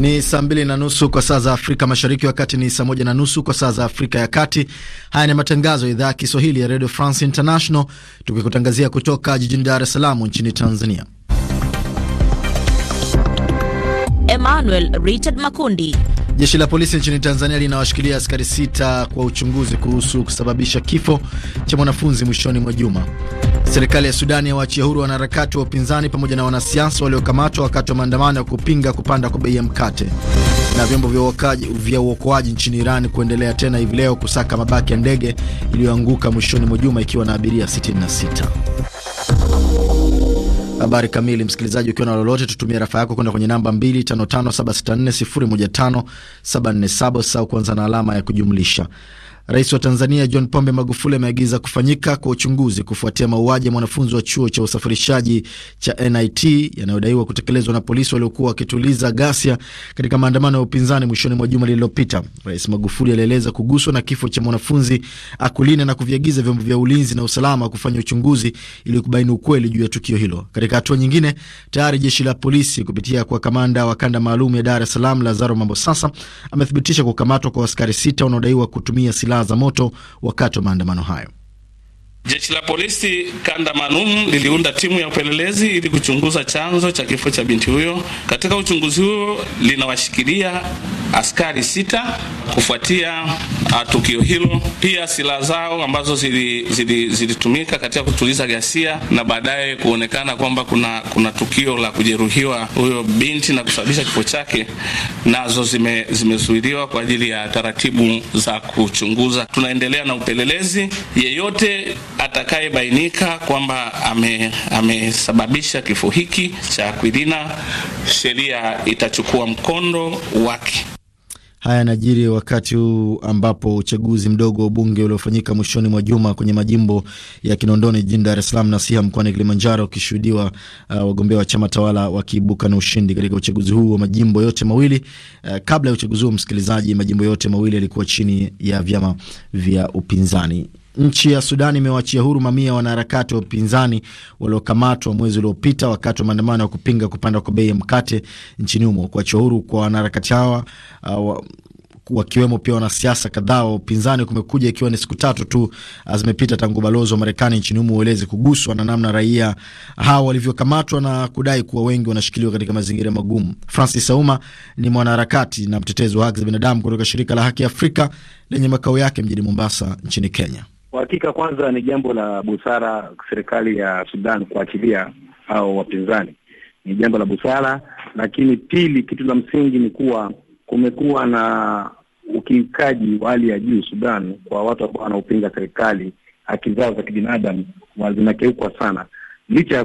Ni saa mbili na nusu kwa saa za Afrika Mashariki, wakati ni saa moja na nusu kwa saa za Afrika ya Kati. Haya ni matangazo ya idhaa ya Kiswahili ya Radio France International, tukikutangazia kutoka jijini Dar es Salaam nchini Tanzania. Emmanuel Richard Makundi. Jeshi la polisi nchini Tanzania linawashikilia askari sita kwa uchunguzi kuhusu kusababisha kifo cha mwanafunzi mwishoni mwa juma. Serikali ya Sudani yawaachia huru wanaharakati wa upinzani pamoja na wanasiasa waliokamatwa wakati wa maandamano ya kupinga kupanda kwa bei ya mkate. Na vyombo vya uokoaji nchini Iran kuendelea tena hivi leo kusaka mabaki ya ndege iliyoanguka mwishoni mwa juma ikiwa na abiria 66 habari kamili. Msikilizaji, ukiwa na lolote, tutumie rafa yako kwenda kwenye namba 255764015747 sau kuanza na alama ya kujumlisha Rais wa Tanzania John Pombe Magufuli ameagiza kufanyika kwa uchunguzi kufuatia mauaji ya mwanafunzi wa chuo cha usafirishaji cha NIT yanayodaiwa kutekelezwa na polisi waliokuwa wakituliza ghasia katika maandamano ya upinzani mwishoni mwa juma lililopita. Rais Magufuli alieleza kuguswa na kifo cha mwanafunzi akulina na kuviagiza vyombo vya ulinzi na usalama kufanya uchunguzi ili kubaini ukweli juu ya tukio hilo. Katika hatua nyingine, tayari jeshi la polisi kupitia kwa kamanda wa kanda maalum ya Dar es Salaam Lazaro Mambosasa amethibitisha kukamatwa kwa askari sita wanaodaiwa kutumia silaha silaha za moto wakati wa maandamano hayo. Jeshi la polisi kanda Manum liliunda timu ya upelelezi ili kuchunguza chanzo cha kifo cha binti huyo. Katika uchunguzi huo linawashikilia askari sita kufuatia uh, tukio hilo. Pia silaha zao ambazo zilitumika zili, zili katika kutuliza ghasia na baadaye kuonekana kwamba kuna, kuna tukio la kujeruhiwa huyo binti na kusababisha kifo chake, nazo zimezuiliwa zime kwa ajili ya taratibu za kuchunguza. Tunaendelea na upelelezi. Yeyote atakayebainika kwamba amesababisha ame kifo hiki cha Akwilina, sheria itachukua mkondo wake. Haya yanajiri wakati huu ambapo uchaguzi mdogo wa bunge uliofanyika mwishoni mwa juma kwenye majimbo ya Kinondoni jijini Dar es Salaam na Siha mkoani Kilimanjaro ukishuhudiwa uh, wagombea wa chama tawala wakiibuka na ushindi katika uchaguzi huu wa majimbo yote mawili. Uh, kabla ya uchaguzi huu, msikilizaji, majimbo yote mawili yalikuwa chini ya vyama vya upinzani. Nchi ya Sudan imewachia huru mamia ya wanaharakati wa upinzani waliokamatwa mwezi uliopita wakati wa maandamano ya kupinga kupanda kwa bei ya mkate nchini humo. Kuachia huru kwa wanaharakati hawa uh, wa wakiwemo pia wanasiasa kadhaa wa upinzani kumekuja ikiwa ni siku tatu tu uh, zimepita tangu balozi wa Marekani nchini humo ueleze kuguswa na namna raia hawa walivyokamatwa na kudai kuwa wengi wanashikiliwa katika mazingira magumu. Francis Auma ni mwanaharakati na mtetezi wa haki za binadamu kutoka shirika la Haki Afrika lenye makao yake mjini Mombasa nchini Kenya. Kwa hakika, kwanza ni jambo la busara serikali ya Sudan kuachilia au wapinzani, ni jambo la busara. Lakini pili, kitu la msingi ni kuwa kumekuwa na ukiukaji wa hali ya juu Sudan kwa watu ambao wanaopinga serikali, haki zao za kibinadamu zinakeukwa sana, licha ya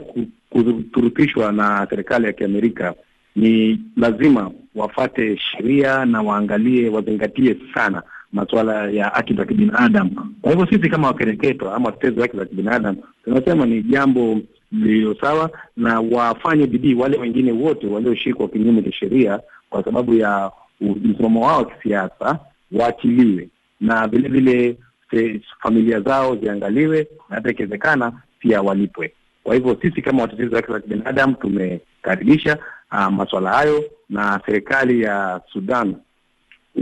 kuturutishwa na serikali ya Kiamerika. Ni lazima wafate sheria na waangalie, wazingatie sana masuala ya haki za kibinadamu. Kwa hivyo sisi kama wakereketo ama watetezi wa haki za kibinadamu tunasema ni jambo lililo sawa, na wafanye bidii wale wengine wote walioshikwa kinyume cha sheria kwa sababu ya msimamo wao wa kisiasa waachiliwe, na vilevile familia zao ziangaliwe, na hata ikiwezekana pia walipwe. Kwa hivyo sisi kama watetezi wa haki za kibinadamu tumekaribisha ah, masuala hayo, na serikali ya Sudan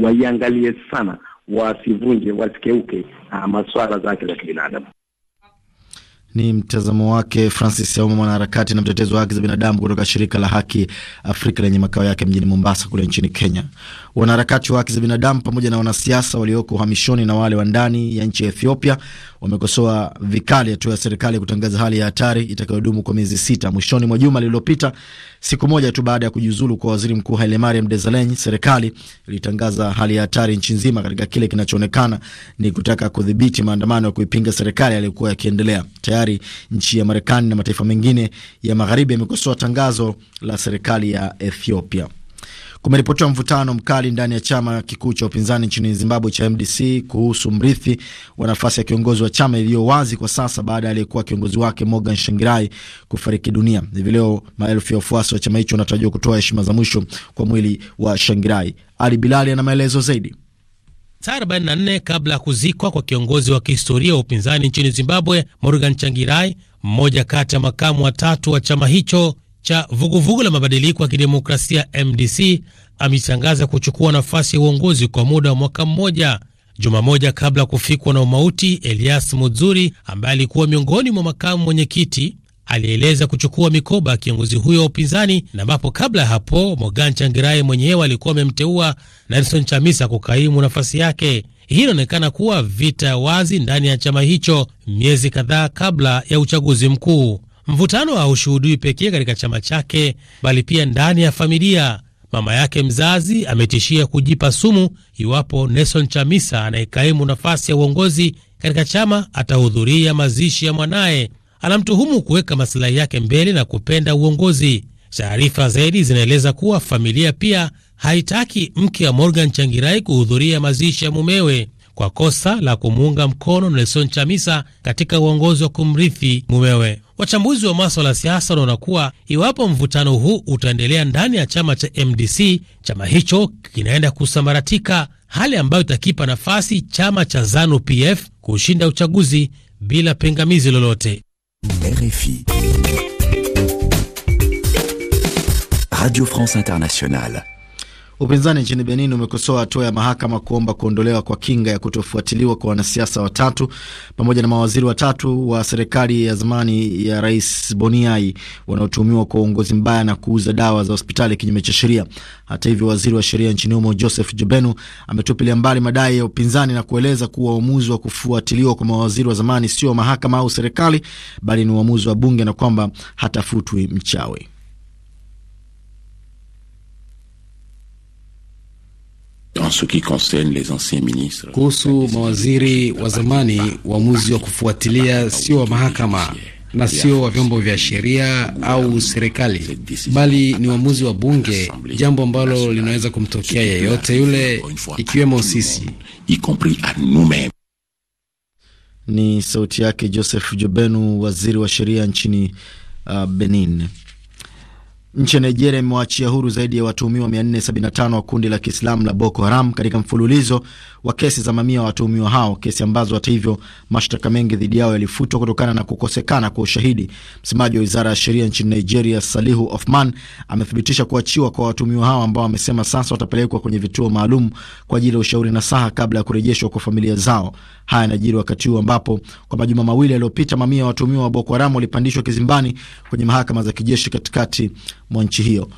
waiangalie sana wasivunje wasikeuke ah, maswala zake za kibinadamu. Ni mtazamo wake Francis Auma, mwanaharakati na mtetezi wa haki za binadamu kutoka shirika la Haki Afrika lenye makao yake mjini Mombasa kule nchini Kenya. Wanaharakati wa haki za binadamu pamoja na wanasiasa walioko uhamishoni na wale wa ndani ya nchi ya Ethiopia wamekosoa vikali hatua ya serikali kutangaza hali ya hatari itakayodumu kwa miezi sita mwishoni mwa juma lililopita, siku moja tu baada ya kujiuzulu kwa waziri mkuu Hailemariam Desalegn, serikali ilitangaza hali ya hatari nchi nzima katika kile kinachoonekana ni kutaka kudhibiti maandamano ya kuipinga serikali yaliyokuwa yakiendelea tayari tayari nchi ya Marekani na mataifa mengine ya magharibi yamekosoa tangazo la serikali ya Ethiopia. Kumeripotiwa mvutano mkali ndani ya chama kikuu cha upinzani nchini Zimbabwe cha MDC kuhusu mrithi wa nafasi ya kiongozi wa chama iliyo wazi kwa sasa baada ya aliyekuwa kiongozi wake Morgan Shangirai kufariki dunia. Hivi leo maelfu ya wafuasi wa chama hicho wanatarajiwa kutoa heshima za mwisho kwa mwili wa Shangirai. Ali Bilali ana maelezo zaidi saa 44 kabla ya kuzikwa kwa kiongozi wa kihistoria wa upinzani nchini Zimbabwe, Morgan Changirai, mmoja kati ya makamu watatu wa chama hicho cha vuguvugu vugu la mabadiliko ya kidemokrasia MDC, ametangaza kuchukua nafasi ya uongozi kwa muda wa mwaka mmoja. Juma moja kabla ya kufikwa na umauti, Elias Mudzuri ambaye alikuwa miongoni mwa makamu mwenyekiti alieleza kuchukua mikoba ya kiongozi huyo wa upinzani, na ambapo kabla ya hapo Morgan Changirai mwenyewe alikuwa amemteua Nelson Chamisa kukaimu nafasi yake. Hii inaonekana kuwa vita ya wazi ndani ya chama hicho miezi kadhaa kabla ya uchaguzi mkuu. Mvutano haushuhudiwi pekee katika chama chake, bali pia ndani ya familia. Mama yake mzazi ametishia kujipa sumu iwapo Nelson Chamisa anayekaimu nafasi ya uongozi katika chama atahudhuria mazishi ya mwanaye anamtuhumu kuweka masilahi yake mbele na kupenda uongozi. Taarifa zaidi zinaeleza kuwa familia pia haitaki mke wa Morgan Changirai kuhudhuria mazishi ya mumewe kwa kosa la kumuunga mkono Nelson Chamisa katika uongozi wa kumrithi mumewe. Wachambuzi wa maswala ya siasa wanaona kuwa iwapo mvutano huu utaendelea ndani ya chama cha MDC, chama hicho kinaenda kusambaratika, hali ambayo itakipa nafasi chama cha ZANU PF kushinda uchaguzi bila pingamizi lolote. RFI. Radio France Internationale. Upinzani nchini Benin umekosoa hatua ya mahakama kuomba kuondolewa kwa kinga ya kutofuatiliwa kwa wanasiasa watatu pamoja na mawaziri watatu wa serikali ya zamani ya Rais Boniai wanaotuhumiwa kwa uongozi mbaya na kuuza dawa za hospitali kinyume cha sheria. Hata hivyo, waziri wa sheria nchini humo Joseph Jobenu ametupilia mbali madai ya upinzani na kueleza kuwa uamuzi wa kufuatiliwa kwa mawaziri wa zamani sio mahakama au serikali, bali ni uamuzi wa bunge na kwamba hatafutwi mchawi. Kuhusu mawaziri wa zamani, uamuzi wa kufuatilia sio wa mahakama na sio wa vyombo vya sheria au serikali, bali ni uamuzi wa bunge, jambo ambalo linaweza kumtokea yeyote yule, ikiwemo sisi. Ni sauti yake Joseph Jobenu, waziri wa sheria nchini uh, Benin. Nchi ya Nigeria imewaachia huru zaidi ya watuhumiwa 475 wa kundi la Kiislamu la Boko Haram katika mfululizo wa kesi za mamia wa watuhumiwa hao, kesi ambazo hata hivyo mashtaka mengi dhidi yao yalifutwa kutokana na kukosekana kwa ushahidi. Msemaji wa wizara ya sheria nchini Nigeria, Salihu Ofman, amethibitisha kuachiwa kwa watuhumiwa hao ambao wamesema sasa watapelekwa kwenye vituo maalum kwa ajili ya ushauri na saha kabla ya kurejeshwa kwa familia zao. Haya yanajiri wakati huu ambapo kwa majuma mawili yaliyopita mamia ya watuhumiwa wa Boko Haram walipandishwa kizimbani kwenye mahakama za kijeshi katikati mwa nchi hiyo.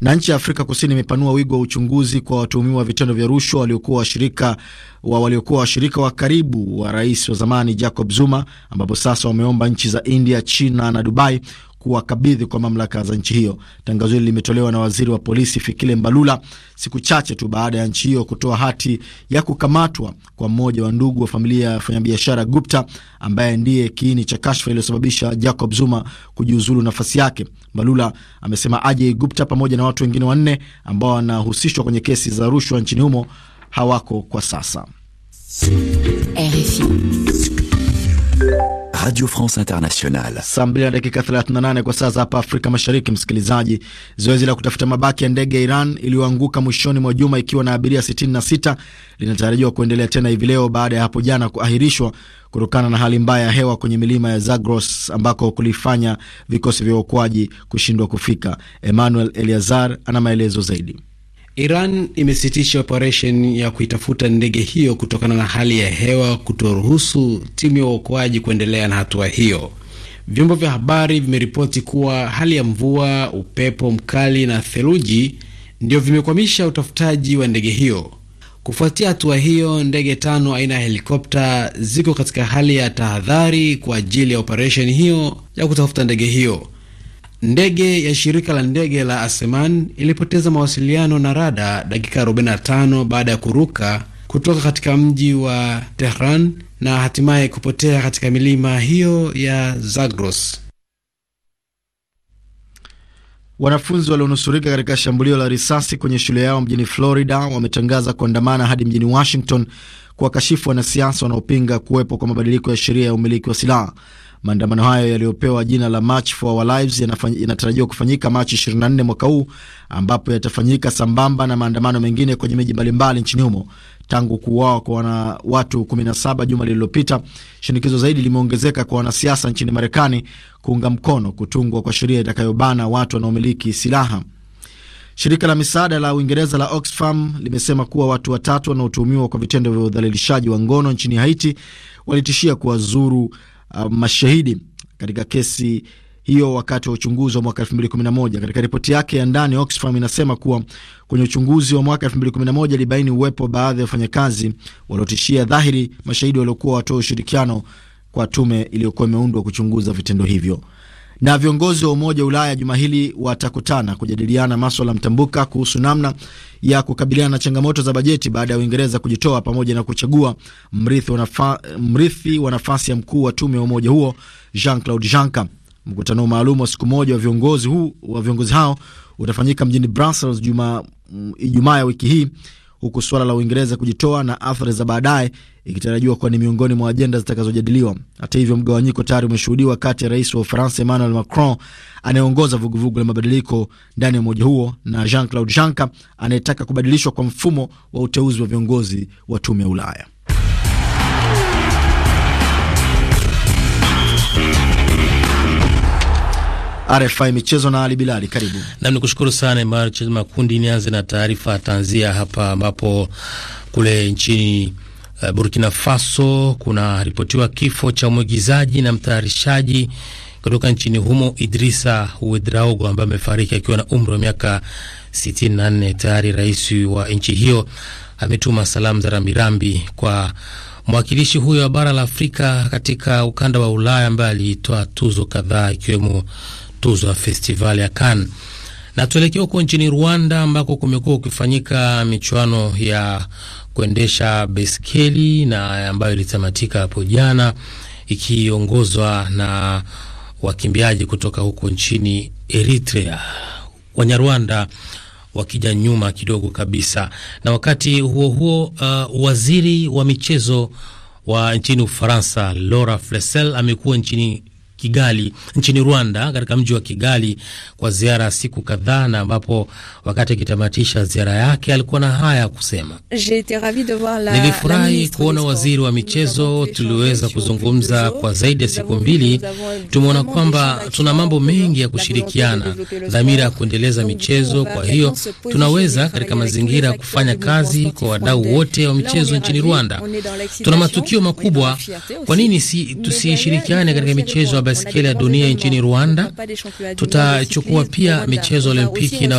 Na nchi ya Afrika Kusini imepanua wigo wa uchunguzi kwa watuhumiwa wa vitendo vya rushwa waliokuwa washirika wa waliokuwa washirika wa karibu wa rais wa zamani Jacob Zuma, ambapo sasa wameomba nchi za India, China na Dubai kuwakabidhi kwa mamlaka za nchi hiyo. Tangazo hili limetolewa na waziri wa polisi Fikile Mbalula siku chache tu baada ya nchi hiyo kutoa hati ya kukamatwa kwa mmoja wa ndugu wa familia ya wafanyabiashara Gupta, ambaye ndiye kiini cha kashfa iliyosababisha Jacob Zuma kujiuzulu nafasi yake. Mbalula amesema Ajay Gupta pamoja na watu wengine wanne ambao wanahusishwa kwenye kesi za rushwa nchini humo hawako kwa sasa. RFI. Radio France Internationale. Saa mbili na dakika 38 kwa saa za hapa Afrika Mashariki. Msikilizaji, zoezi la kutafuta mabaki ya ndege ya Iran iliyoanguka mwishoni mwa juma ikiwa na abiria 66 linatarajiwa kuendelea tena hivi leo baada ya hapo jana kuahirishwa kutokana na hali mbaya ya hewa kwenye milima ya Zagros ambako kulifanya vikosi vya uokoaji kushindwa kufika. Emmanuel Eliazar ana maelezo zaidi. Iran imesitisha operesheni ya kuitafuta ndege hiyo kutokana na hali ya hewa kutoruhusu timu ya uokoaji kuendelea na hatua hiyo. Vyombo vya habari vimeripoti kuwa hali ya mvua, upepo mkali na theluji ndio vimekwamisha utafutaji wa ndege hiyo. Kufuatia hatua hiyo, ndege tano aina ya helikopta ziko katika hali ya tahadhari kwa ajili ya operesheni hiyo ya kutafuta ndege hiyo. Ndege ya shirika la ndege la Aseman ilipoteza mawasiliano na rada dakika 45 baada ya kuruka kutoka katika mji wa Tehran na hatimaye kupotea katika milima hiyo ya Zagros. Wanafunzi walionusurika katika shambulio la risasi kwenye shule yao mjini Florida wametangaza kuandamana hadi mjini Washington kuwakashifu wanasiasa wanaopinga kuwepo kwa mabadiliko ya sheria ya umiliki wa silaha. Maandamano hayo yaliyopewa jina la March for Our Lives yanatarajiwa kufanyika Machi 24 mwaka huu, ambapo yatafanyika sambamba na maandamano mengine kwenye miji mbalimbali nchini humo. Tangu kuuawa kwa watu 17 juma lililopita, shinikizo zaidi limeongezeka kwa wanasiasa nchini Marekani kuunga mkono kutungwa kwa sheria itakayobana watu wanaomiliki silaha. Shirika la misaada la Uingereza la Oxfam limesema kuwa watu watatu wanaotuhumiwa kwa vitendo vya udhalilishaji wa ngono nchini Haiti walitishia kuwazuru uh, mashahidi katika kesi hiyo wakati wa uchunguzi wa mwaka 2011. Katika ripoti yake ya ndani, Oxfam inasema kuwa kwenye uchunguzi wa mwaka 2011 ilibaini uwepo wa baadhi ya wafanyakazi waliotishia dhahiri mashahidi waliokuwa watoa ushirikiano kwa tume iliyokuwa imeundwa kuchunguza vitendo hivyo. Na viongozi wa Umoja wa Ulaya juma hili watakutana kujadiliana maswala mtambuka kuhusu namna ya kukabiliana na changamoto za bajeti baada ya Uingereza kujitoa pamoja na kuchagua mrithi wa wanafa, nafasi ya mkuu wa tume ya umoja huo Jean-Claude Juncker. Mkutano maalum wa siku moja wa viongozi huu, wa viongozi hao utafanyika mjini Brussels mm, Ijumaa ya wiki hii huku suala la Uingereza kujitoa na athari za baadaye ikitarajiwa kuwa ni miongoni mwa ajenda zitakazojadiliwa. Hata hivyo, mgawanyiko tayari umeshuhudiwa kati ya rais wa Ufaransa Emmanuel Macron anayeongoza vuguvugu la mabadiliko ndani ya umoja huo na Jean Claude Juncker anayetaka kubadilishwa kwa mfumo wa uteuzi wa viongozi wa tume ya Ulaya. RFI michezo na Ali Bilali, karibu nam. Ni kushukuru sana Imar. Chezo makundi, nianze na taarifa tanzia hapa ambapo kule nchini uh, Burkina Faso kuna ripotiwa kifo cha mwigizaji na mtayarishaji kutoka nchini humo Idrisa Wedraogo ambaye amefariki akiwa na umri wa miaka 64. Tayari rais wa nchi hiyo ametuma salamu za rambirambi kwa mwakilishi huyo wa bara la Afrika katika ukanda wa Ulaya ambaye alitoa tuzo kadhaa ikiwemo tuzo ya festival ya Cannes. Na tuelekea huko nchini Rwanda ambako kumekuwa kukifanyika michuano ya kuendesha beskeli na ambayo ilitamatika hapo jana ikiongozwa na wakimbiaji kutoka huko nchini Eritrea, Wanyarwanda wakija nyuma kidogo kabisa. Na wakati huo huo, uh, waziri wa michezo wa nchini Ufaransa Laura Flessel amekuwa nchini Kigali nchini Rwanda, katika mji wa Kigali kwa ziara ya siku kadhaa, na ambapo wakati akitamatisha ziara yake alikuwa na haya kusema: nilifurahi kuona waziri wa michezo, tuliweza kuzungumza kwa zaidi ya siku mbili. Tumeona kwamba tuna mambo mengi ya kushirikiana, dhamira ya kuendeleza michezo. Kwa hiyo tunaweza katika mazingira ya kufanya kazi kwa wadau wote wa michezo nchini Rwanda. Tuna matukio makubwa, kwa nini si, tusishirikiane katika michezo baiskeli ya dunia nchini Rwanda. Tutachukua pia michezo olimpiki na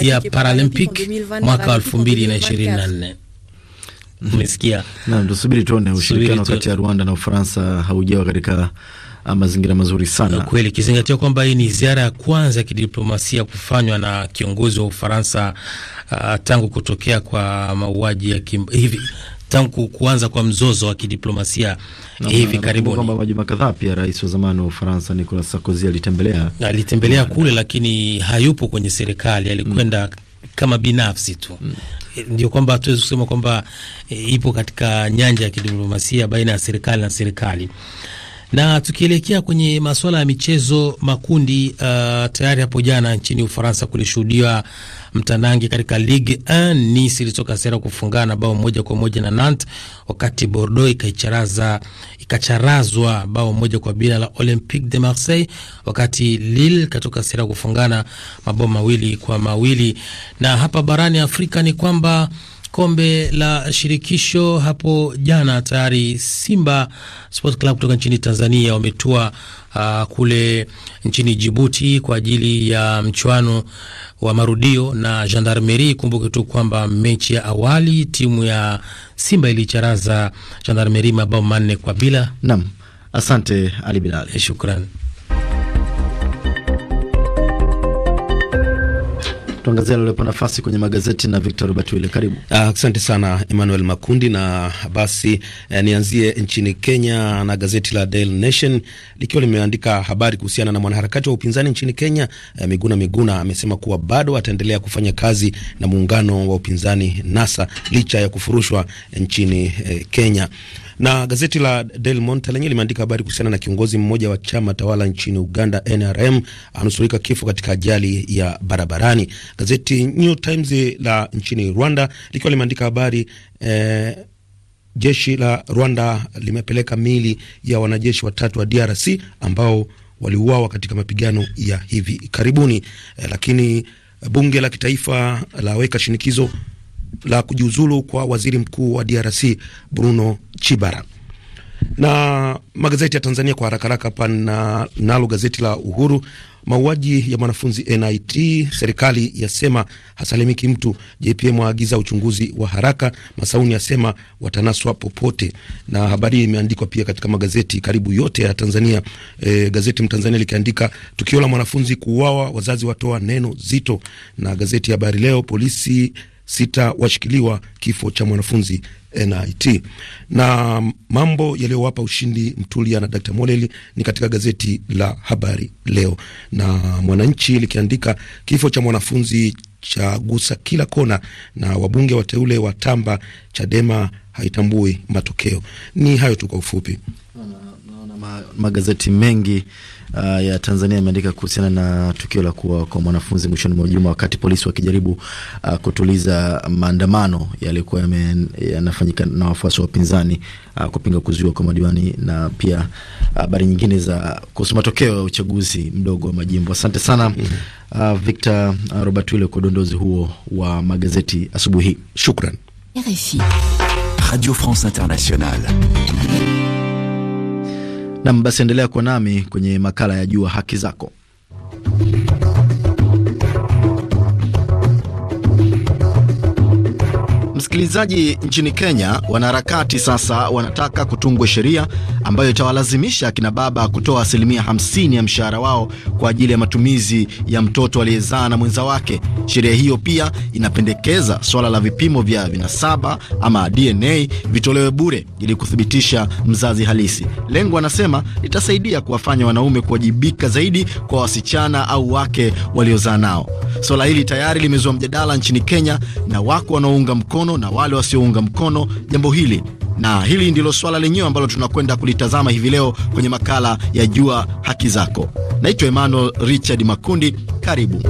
ya Paralympic mwaka 2024. Umesikia? Naam, tusubiri tuone. Ushirikiano kati ya Rwanda na Ufaransa haujawa katika ah, mazingira mazuri sana kweli, ikizingatia kwamba hii ni ziara ya kwanza ya kidiplomasia kufanywa na kiongozi wa Ufaransa uh, tangu kutokea kwa mauaji ya hivi tangu kuanza kwa mzozo wa kidiplomasia hivi karibuni. Kwamba majuma kadhaa pia rais wa zamani wa Ufaransa Nicolas Sarkozy alitembelea alitembelea kule, lakini hayupo kwenye serikali, alikwenda mm kama binafsi tu mm. Ndio kwamba hatuwezi kusema kwamba e, ipo katika nyanja ya kidiplomasia baina ya serikali na serikali. Na tukielekea kwenye masuala ya michezo makundi, uh, tayari hapo jana nchini Ufaransa kulishuhudiwa mtandangi katika Ligue 1. Nice ilitoka sera kufungana bao moja kwa moja na Nantes, wakati Bordeaux ikaicharaza ikacharazwa bao moja kwa bila la Olympique de Marseille, wakati Lille katoka sera kufungana mabao mawili kwa mawili. Na hapa barani Afrika ni kwamba kombe la shirikisho hapo jana tayari Simba Sport Club kutoka nchini Tanzania wametua uh, kule nchini Jibuti kwa ajili ya mchuano wa marudio na Gendarmerie. Kumbuke tu kwamba mechi ya awali timu ya Simba ilicharaza Gendarmerie mabao manne kwa bila. Naam, asante Ali Bilal, shukran. tuangazie alilopa nafasi kwenye magazeti na Victor Robert Wile, karibu. Ah, asante uh, sana Emmanuel Makundi, na basi eh, nianzie nchini Kenya na gazeti la Daily Nation likiwa limeandika habari kuhusiana na mwanaharakati wa upinzani nchini Kenya eh, Miguna Miguna amesema kuwa bado ataendelea kufanya kazi na muungano wa upinzani NASA licha ya kufurushwa nchini eh, Kenya. Na gazeti la Del Monte lenye limeandika habari kuhusiana na kiongozi mmoja wa chama tawala nchini Uganda NRM anusurika kifo katika ajali ya barabarani. Gazeti New Times la nchini Rwanda likiwa limeandika habari eh, jeshi la Rwanda limepeleka miili ya wanajeshi watatu wa DRC ambao waliuawa katika mapigano ya hivi karibuni eh, lakini bunge la kitaifa laweka shinikizo la kujiuzulu kwa waziri mkuu wa DRC Bruno Chibara. Na magazeti ya Tanzania kwa haraka haraka, hapa na, nalo gazeti la Uhuru, mauaji ya mwanafunzi NIT, serikali yasema hasalimiki mtu, JPM waagiza uchunguzi wa haraka, Masauni yasema watanaswa popote. Na habari imeandikwa pia katika magazeti karibu yote ya Tanzania. E, gazeti Mtanzania likiandika tukio la mwanafunzi kuuawa, wazazi watoa neno zito, na gazeti Habari Leo polisi sita washikiliwa kifo cha mwanafunzi NIT. Na mambo yaliyowapa ushindi Mtulia na Dr. Moleli ni katika gazeti la Habari Leo na Mwananchi likiandika kifo cha mwanafunzi cha gusa kila kona, na wabunge wateule wa tamba Chadema haitambui matokeo. Ni hayo tu kwa ufupi ma, magazeti mengi uh, ya Tanzania yameandika kuhusiana na tukio la kuwa kwa mwanafunzi mwishoni mwa juma wakati polisi wakijaribu uh, kutuliza maandamano yaliyokuwa yanafanyika na wafuasi wa upinzani uh, kupinga kuzuiwa kwa madiwani na pia habari uh, nyingine za kuhusu matokeo ya uchaguzi mdogo wa majimbo. Asante sana uh, Victor uh, Robert Wile kwa udondozi huo wa magazeti asubuhi. Shukran. RFI. Radio France Internationale. Nam, basi endelea kuwa nami kwenye makala ya Jua Haki Zako. Msikilizaji, nchini Kenya wanaharakati sasa wanataka kutungwe sheria ambayo itawalazimisha akina baba kutoa asilimia 50 ya mshahara wao kwa ajili ya matumizi ya mtoto aliyezaa na mwenza wake. Sheria hiyo pia inapendekeza swala la vipimo vya vinasaba ama DNA vitolewe bure ili kuthibitisha mzazi halisi. Lengo, anasema litasaidia kuwafanya wanaume kuwajibika zaidi kwa wasichana au wake waliozaa nao. Swala hili tayari limezua mjadala nchini Kenya na wako wanaounga mkono mkono na wale wasiounga mkono jambo hili, na hili ndilo swala lenyewe ambalo tunakwenda kulitazama hivi leo kwenye makala ya Jua Haki Zako. Naitwa Emmanuel Richard Makundi, karibu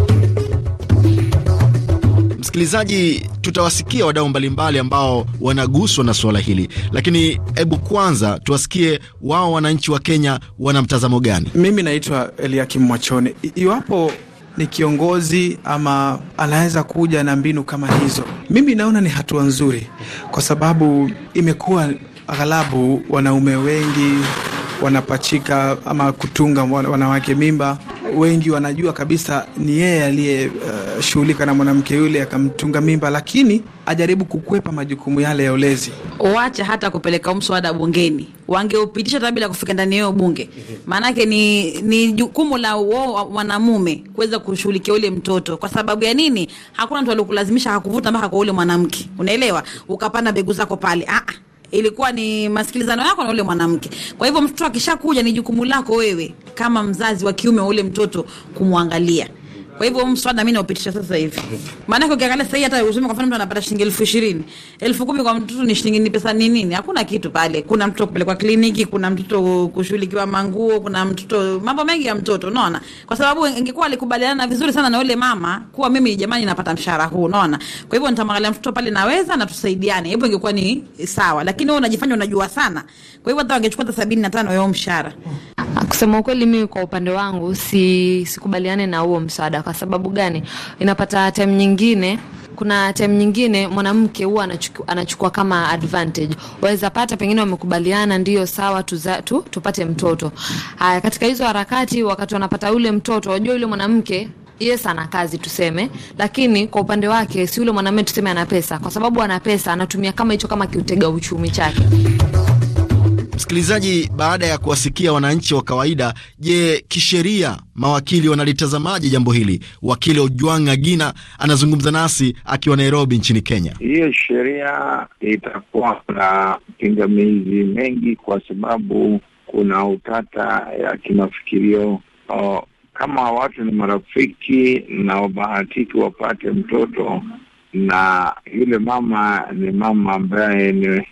msikilizaji. Tutawasikia wadau mbalimbali ambao wanaguswa na suala hili, lakini hebu kwanza tuwasikie wao wananchi wa Kenya wana mtazamo gani. Mimi naitwa Eliakim Mwachoni. Iwapo ni kiongozi ama anaweza kuja na mbinu kama hizo, mimi naona ni hatua nzuri, kwa sababu imekuwa aghalabu wanaume wengi wanapachika ama kutunga wanawake mimba wengi wanajua kabisa ni yeye aliyeshughulika uh, na mwanamke yule akamtunga mimba, lakini ajaribu kukwepa majukumu yale ya ulezi. Wacha hata kupeleka mswada bungeni, wangeupitisha hata bila kufika ndani yao bunge. Maanake ni, ni jukumu la wao mwanamume kuweza kushughulikia ule mtoto. Kwa sababu ya nini? Hakuna mtu aliokulazimisha hakuvuta mpaka kwa ule mwanamke, unaelewa, ukapanda mbegu zako pale. Ah, ah ilikuwa ni masikilizano yako na ule mwanamke. Kwa hivyo mtoto akishakuja, ni jukumu lako wewe kama mzazi wa kiume wa ule mtoto kumwangalia. Kwa hivyo mswada mimi naupitisha sasa hivi. Maana yake ukiangalia sasa hata usema kwa mfano mtu anapata shilingi elfu ishirini. Elfu kumi kwa mtoto ni shilingi ni pesa ni nini? Hakuna kitu pale. Kuna mtoto kupelekwa kliniki, kuna mtoto kushughulikiwa manguo, kuna mtoto mambo mengi ya mtoto, unaona? Kwa sababu ingekuwa alikubaliana vizuri sana na yule mama kuwa mimi jamani napata mshahara huu, unaona? Kwa hivyo nitamwangalia mtoto pale naweza na tusaidiane. Hivyo ingekuwa ni sawa. Lakini wewe unajifanya unajua sana. Kwa hivyo hata wangechukua hata 75 yao mshahara. Kusema ukweli mimi kwa upande wangu si sikubaliane na huo msaada kwa sababu gani? Inapata time nyingine kuna time nyingine mwanamke huwa anachukua, anachukua kama advantage. Waweza pata pengine wamekubaliana, ndio sawa tuza, tu, tupate mtoto. Haya, katika hizo harakati, wakati wanapata yule mtoto, wajua yule mwanamke yes ana kazi tuseme, lakini kwa upande wake si yule mwanamume tuseme ana pesa, kwa sababu ana pesa anatumia kama hicho kama kiutega uchumi chake. Msikilizaji, baada ya kuwasikia wananchi wa kawaida, je, kisheria mawakili wanalitazamaje jambo hili? Wakili Ojwang Agina anazungumza nasi akiwa Nairobi nchini Kenya. Hiyo sheria itakuwa na pingamizi mengi, kwa sababu kuna utata ya kimafikirio kama watu ni marafiki na wabahatiki wapate mtoto na yule mama ni mama ambaye ni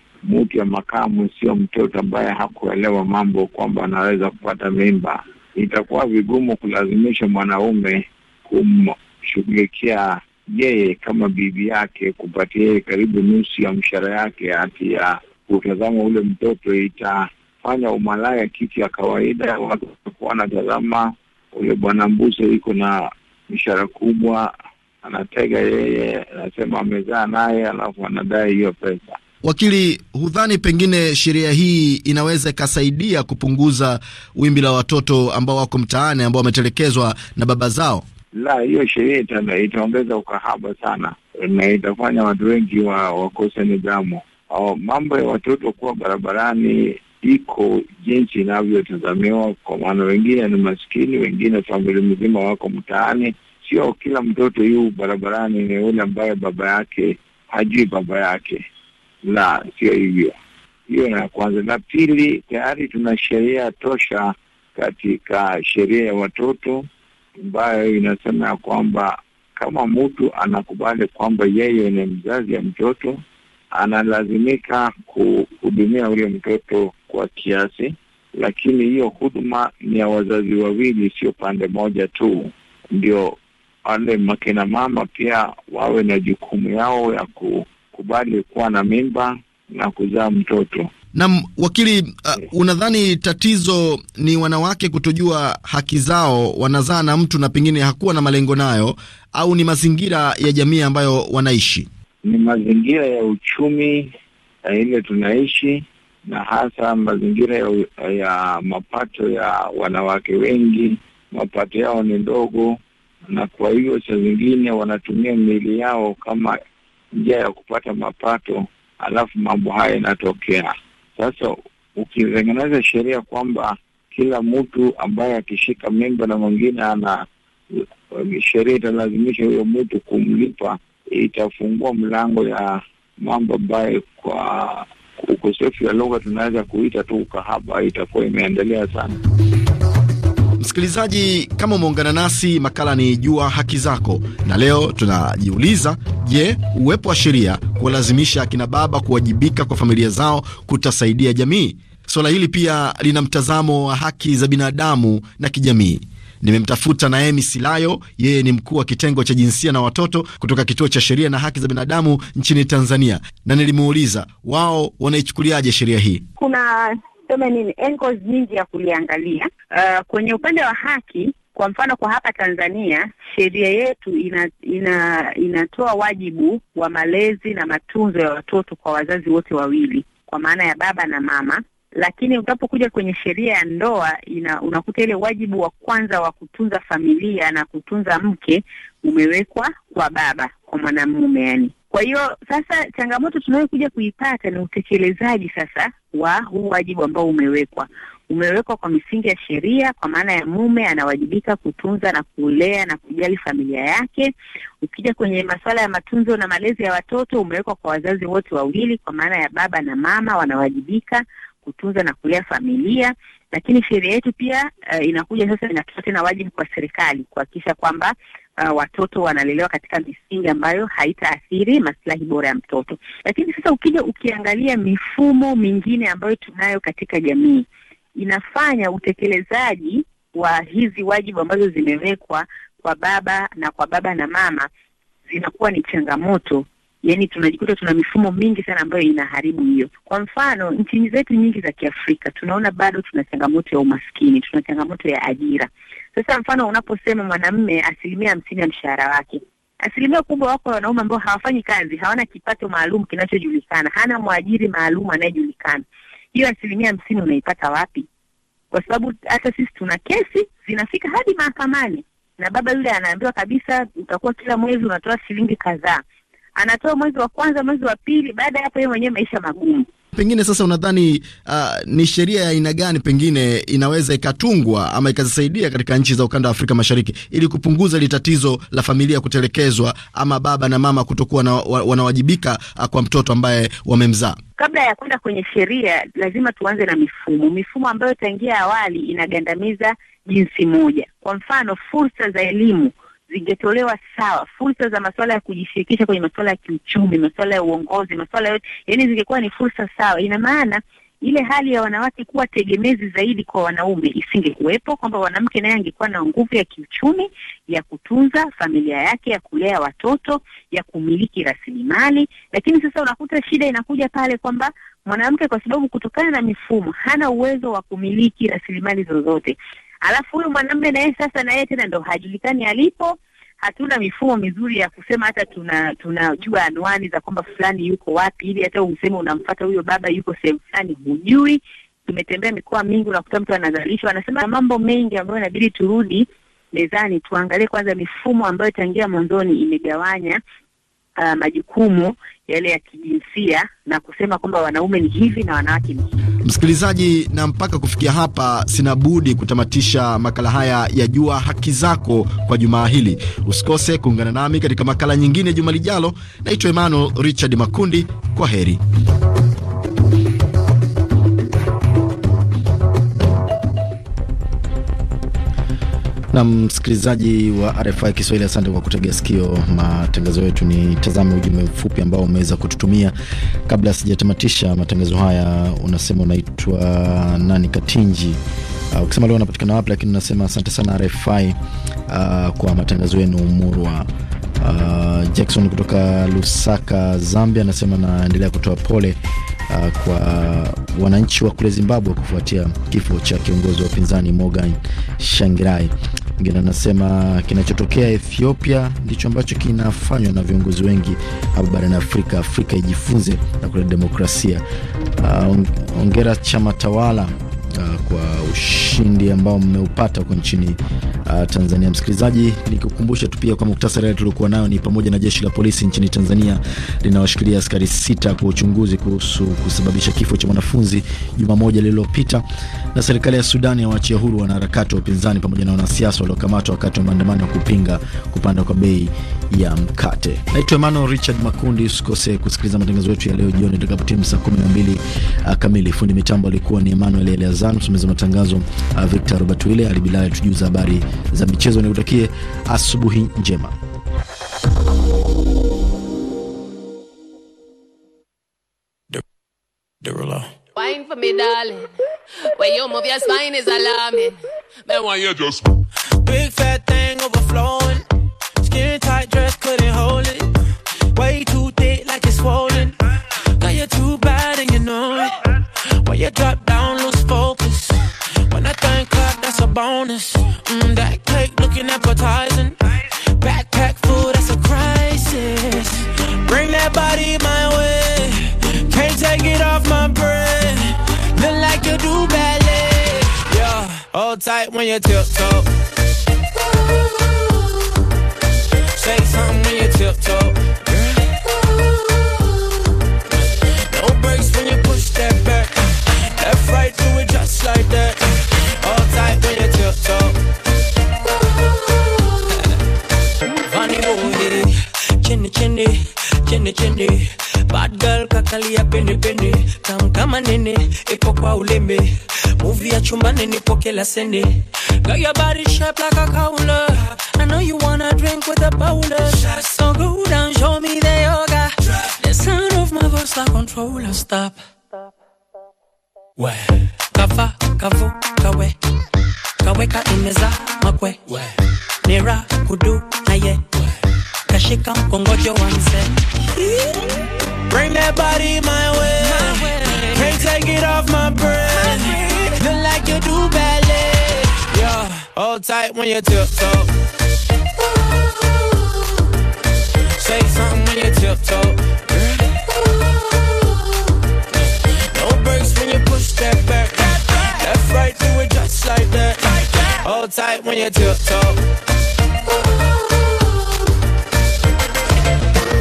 ya makamu, sio mtoto ambaye hakuelewa mambo kwamba anaweza kupata mimba. Itakuwa vigumu kulazimisha mwanaume kumshughulikia yeye kama bibi yake, kupatia yeye karibu nusu ya mshahara yake, hati ya kutazama ule mtoto. Itafanya umalaya kitu ya kawaida, watu watakuwa wanatazama ule bwana Mbuse iko na mishahara kubwa, anatega yeye, anasema amezaa naye, alafu anadai hiyo pesa. Wakili, hudhani pengine sheria hii inaweza ikasaidia kupunguza wimbi la watoto ambao wako mtaani ambao wametelekezwa na baba zao? La, hiyo sheria itaongeza ukahaba sana na itafanya watu wengi wa wakose nidhamu. Mambo ya watoto kuwa barabarani iko jinsi inavyotazamiwa, kwa maana wengine ni maskini, wengine familia mzima wako mtaani. Sio kila mtoto yu barabarani ni yule ambaye baba yake hajui baba yake la sio hivyo. Hiyo na kwanza. La pili, tayari tuna sheria tosha katika sheria ya watoto ambayo inasema ya kwamba kama mtu anakubali kwamba yeye ni mzazi ya mtoto analazimika kuhudumia ule mtoto kwa kiasi, lakini hiyo huduma ni ya wazazi wawili, sio pande moja tu. Ndio wale makina mama pia wawe na jukumu yao ya ku kukubali kuwa na mimba na kuzaa mtoto. Naam, wakili, uh, unadhani tatizo ni wanawake kutojua haki zao, wanazaa na mtu na pengine hakuwa na malengo nayo, au ni mazingira ya jamii ambayo wanaishi? Ni mazingira ya uchumi ya eh, ile tunaishi, na hasa mazingira ya, ya mapato ya wanawake wengi, mapato yao ni ndogo, na kwa hivyo saa zingine wanatumia miili yao kama njia ya kupata mapato, alafu mambo haya yanatokea. Sasa ukitengeneza sheria kwamba kila mtu ambaye akishika mimba na mwingine ana uh, sheria italazimisha huyo mtu kumlipa, itafungua mlango ya mambo ambayo kwa ukosefu ya lugha tunaweza kuita tu ukahaba, itakuwa imeendelea sana. Msikilizaji, kama umeungana nasi, makala ni Jua Haki Zako, na leo tunajiuliza, je, uwepo wa sheria kuwalazimisha akina baba kuwajibika kwa familia zao kutasaidia jamii? Suala hili pia lina mtazamo wa haki za binadamu na kijamii. Nimemtafuta Naemi Silayo, yeye ni mkuu wa kitengo cha jinsia na watoto kutoka kituo cha sheria na haki za binadamu nchini Tanzania, na nilimuuliza wao wanaichukuliaje sheria hii. Kuna tuseme nini, angles nyingi ya kuliangalia. Uh, kwenye upande wa haki kwa mfano kwa hapa Tanzania sheria yetu ina, ina inatoa wajibu wa malezi na matunzo ya watoto kwa wazazi wote wawili, kwa maana ya baba na mama, lakini unapokuja kwenye sheria ya ndoa ina, unakuta ile wajibu wa kwanza wa kutunza familia na kutunza mke umewekwa kwa baba, kwa mwanamume yani kwa hiyo sasa changamoto tunayokuja kuipata ni utekelezaji sasa wa huu wajibu ambao umewekwa umewekwa kwa misingi ya sheria, kwa maana ya mume anawajibika kutunza na kulea na kujali familia yake. Ukija kwenye masuala ya matunzo na malezi ya watoto, umewekwa kwa wazazi wote wawili, kwa maana ya baba na mama wanawajibika kutunza na kulea familia. Lakini sheria yetu pia uh, inakuja sasa inatoa tena wajibu kwa serikali kuhakikisha kwamba uh, watoto wanalelewa katika misingi ambayo haitaathiri maslahi bora ya mtoto. Lakini sasa ukija ukiangalia mifumo mingine ambayo tunayo katika jamii inafanya utekelezaji wa hizi wajibu ambazo zimewekwa kwa baba na kwa baba na mama zinakuwa ni changamoto yani tunajikuta tuna mifumo mingi sana ambayo inaharibu hiyo. Kwa mfano, nchi zetu nyingi za Kiafrika tunaona bado tuna changamoto ya umaskini, tuna changamoto ya ajira. Sasa mfano unaposema mwanamme asilimia hamsini ya mshahara wake asilimia kubwa wako wanaume ambao hawafanyi kazi, hawana kipato maalum kinachojulikana, hana mwajiri maalum anayejulikana. Hiyo asilimia hamsini unaipata wapi? Kwa sababu hata sisi tuna kesi zinafika hadi mahakamani, na baba yule anaambiwa kabisa, utakuwa kila mwezi unatoa shilingi kadhaa anatoa mwezi wa kwanza, mwezi wa pili, baada ya hapo yeye mwenyewe maisha magumu. Pengine sasa unadhani uh, ni sheria ya aina gani pengine inaweza ikatungwa ama ikazisaidia katika nchi za ukanda wa Afrika Mashariki ili kupunguza ile tatizo la familia kutelekezwa ama baba na mama kutokuwa na, wa, wanawajibika uh, kwa mtoto ambaye wamemzaa? Kabla ya kwenda kwenye sheria, lazima tuanze na mifumo, mifumo ambayo tangia awali inagandamiza jinsi moja. Kwa mfano, fursa za elimu zingetolewa sawa, fursa za masuala ya kujishirikisha kwenye masuala ya kiuchumi, masuala ya uongozi, masuala yote, yaani zingekuwa ni fursa sawa, ina maana ile hali ya wanawake kuwa tegemezi zaidi kwa wanaume isingekuwepo, kwamba mwanamke naye angekuwa na nguvu ya kiuchumi ya kutunza familia yake, ya kulea watoto, ya kumiliki rasilimali. Lakini sasa unakuta shida inakuja pale kwamba mwanamke, kwa sababu kutokana na mifumo, hana uwezo wa kumiliki rasilimali zozote, Alafu huyu mwanamume naye sasa na yeye tena ndo hajulikani alipo. Hatuna mifumo mizuri ya kusema hata tuna tunajua anwani za kwamba fulani yuko wapi, ili hata useme unamfuata huyo baba yuko sehemu fulani, hujui. Tumetembea mikoa mingi, unakuta mtu anazalishwa, anasema mambo mengi ambayo inabidi turudi mezani tuangalie kwanza mifumo ambayo tangia mwanzoni imegawanya uh, majukumu yale ya kijinsia na kusema kwamba wanaume ni hivi na wanawake ni hivi. Msikilizaji, na mpaka kufikia hapa, sina budi kutamatisha makala haya ya Jua Haki Zako kwa jumaa hili. Usikose kuungana nami katika makala nyingine juma lijalo. Naitwa Emmanuel Richard Makundi, kwa heri. Na msikilizaji wa RFI Kiswahili, asante kwa kutegea sikio matangazo yetu. Ni tazame ujumbe mfupi ambao umeweza kututumia kabla sijatamatisha matangazo haya. Unasema unaitwa nani? Katinji uh, ukisema leo unapatikana wapi, lakini unasema asante sana RFI uh, ah, kwa matangazo yenu murwa. Uh, Jackson kutoka Lusaka, Zambia anasema naendelea kutoa pole uh, kwa wananchi wa kule Zimbabwe kufuatia kifo cha kiongozi wa upinzani Morgan Shangirai. Ngina anasema kinachotokea Ethiopia ndicho ambacho kinafanywa na viongozi wengi hapa barani Afrika. Afrika ijifunze na kuleta demokrasia. Uh, ongera chama tawala uh, kwa ushindi ambao mmeupata huko nchini uh, Tanzania. Msikilizaji, nikukumbusha tu pia kwa muktasari tuliokuwa nayo ni pamoja na jeshi la polisi nchini Tanzania linawashikilia askari sita kwa uchunguzi kuhusu kusababisha kifo cha mwanafunzi juma moja lililopita, na serikali ya Sudani yawaachia huru wanaharakati wa upinzani pamoja na wanasiasa waliokamatwa wakati wa maandamano ya kupinga kupanda kwa bei ya mkate. Naitwa Emmanuel Richard Makundi. Usikose kusikiliza matangazo yetu ya leo jioni itakapotimu saa 12 uh, kamili. Fundi mitambo alikuwa ni Emmanuel Eleazar tano. Msimamizi wa matangazo uh, Victor Robert Wile alibilaya tujuza habari za michezo. Nikutakie asubuhi njema. big fat thing overflowing? when you tiptoe. Say something when you tiptoe. No breaks when you push that back. Left, right, do it just like that. All tight when you tiptoe. Funny movie, chinny chinny, chinny chinny. Bad girl, kakali, penny penny chuma ipo kwa ulembe movie ya chumbani nipo sende got your body shaped like a cola i know you wanna drink with a bowler so go down show me the yoga the sound of my voice like controller stop Where? kafa kavu kawe kawe ka imeza makwe Where? nira kudu na Where? kashika mkongojo wa mse bring that body my way take it off my brain. Look like you do ballet. Yeah, hold tight when you tiptoe. Say something when you tiptoe. No breaks when you push that back. Left, right, do it just like that. Hold tight when you tiptoe.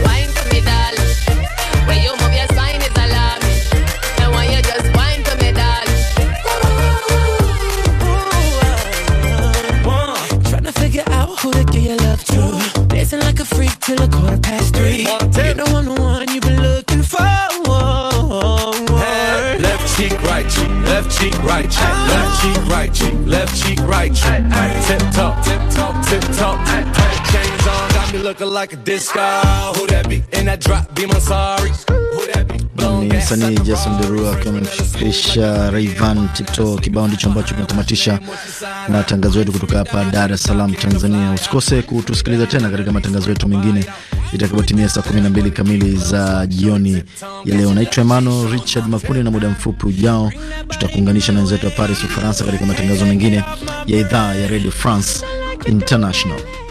Wine for me, darling. Where you move your right cheek, left cheek, right cheek, left cheek, right cheek. Tip top, tip top, tip top. Chains on, got me looking like a disco. Who that be? In that drop, be my sorry. Who that be? ni msanii Jason Derulo akiwa amemshirikisha Rayvan Tipto. Kibao ndicho ambacho kinatamatisha matangazo yetu kutoka hapa Dar es Salaam, Tanzania. Usikose kutusikiliza tena katika matangazo yetu mengine itakapotimia saa 12 kamili za jioni ya leo. Naitwa Emmanuel Richard makuni na muda mfupi ujao tutakuunganisha na wenzetu wa Paris, Ufaransa, katika matangazo mengine ya idhaa ya Radio France International.